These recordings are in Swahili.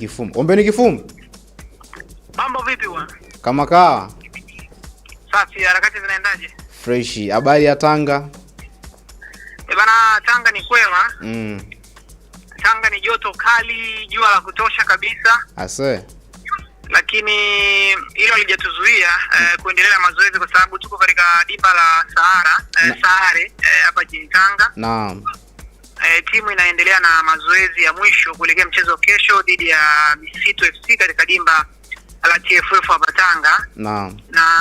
Kifumbu. Ombeni Kifumbu. Mambo vipi bwana? Kama kaa. Safi, harakati zinaendaje? Fresh. Habari ya Tanga? Eh, bana Tanga ni kwema. Mm. Tanga ni joto kali, jua la kutosha kabisa. Ase. Lakini hilo halijatuzuia eh, kuendelea mazoezi kwa sababu tuko katika dimba la Sahara, eh, Sahare eh, hapa jijini Tanga. Naam. E, timu inaendelea na mazoezi ya mwisho kuelekea mchezo kesho dhidi ya Misitu FC katika dimba la TFF hapa Tanga. na. Na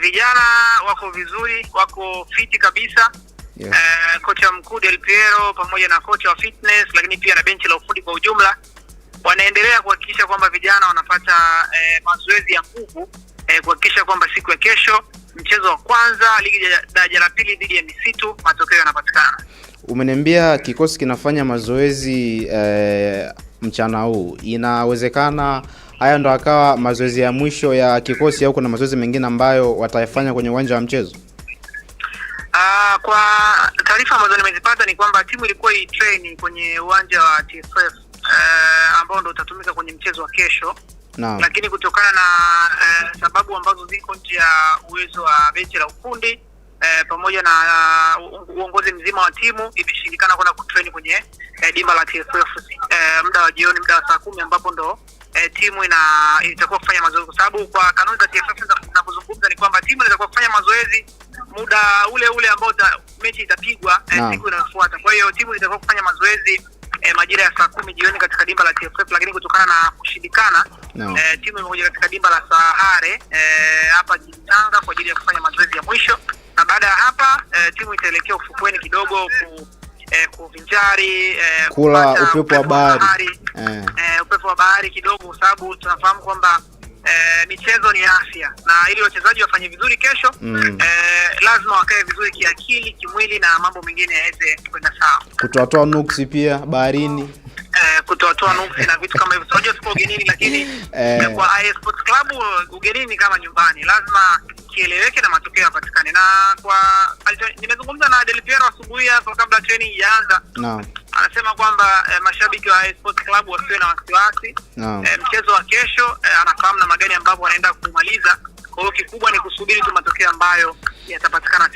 vijana wako vizuri, wako fiti kabisa. Yeah. Eh, e, kocha mkuu Del Piero pamoja na kocha wa fitness lakini pia na benchi la ufundi kwa ujumla wanaendelea kuhakikisha kwamba vijana wanapata e, mazoezi ya nguvu e, kuhakikisha kwamba siku ya kesho mchezo wa kwanza ligi daraja la pili dhidi ya Misitu matokeo yanapatikana. Umeniambia kikosi kinafanya mazoezi e, mchana huu. Inawezekana haya ndo akawa mazoezi ya mwisho ya kikosi au kuna mazoezi mengine ambayo watayafanya kwenye uwanja wa mchezo? Uh, kwa taarifa ambazo nimezipata ni kwamba timu ilikuwa itrain kwenye uwanja wa TSF uh, eh, ambao ndo utatumika kwenye mchezo wa kesho. no. Lakini kutokana na uh, sababu ambazo ziko nje ya uwezo wa benchi la ufundi eh, pamoja na uh, uongozi mzima wa timu imeshindikana kwenda kutrain kwenye eh, dimba la TFF eh, muda wa jioni, muda wa saa kumi ambapo ndo eh, timu ina itakuwa kufanya mazoezi, kwa sababu kwa kanuni za TFF zinazozungumza ni kwamba timu itakuwa kufanya mazoezi muda ule ule ambao ta, mechi itapigwa eh, siku inayofuata. Kwa hiyo timu itakuwa kufanya mazoezi E, majira ya saa kumi jioni katika dimba la TFF, lakini kutokana na kushindikana no. E, eh, timu imekuja katika dimba la Sahare eh, hapa e, jijini Tanga kwa ajili ya kufanya timu itaelekea ufukweni kidogo ku, eh, kuvinjari eh, kula upepo wa bahari eh. Eh, upepo wa bahari kidogo, kwa sababu tunafahamu kwamba eh, michezo ni afya na ili wachezaji wafanye vizuri kesho mm. eh, lazima wakae vizuri kiakili, kimwili na mambo mengine yaweze kwenda sawa, kutoatoa nuksi pia baharini eh, kutoatoa nuksi na vitu kama hivyo. Tunajua tuko ugenini, lakini eh. kwa Sports Club ugenini kama nyumbani, lazima kieleweke na matokeo yapatikane na kwa na Del Piero asubuhi hapo kabla treni ijaanza. Naam. Anasema kwamba e, mashabiki wa Sports Club wasiwe na wasiwasi. Naam. E, mchezo wa kesho e, anafahamu na magari ambapo wanaenda kumaliza. Kwa hiyo kikubwa ni kusubiri tu matokeo ambayo yatapatikana.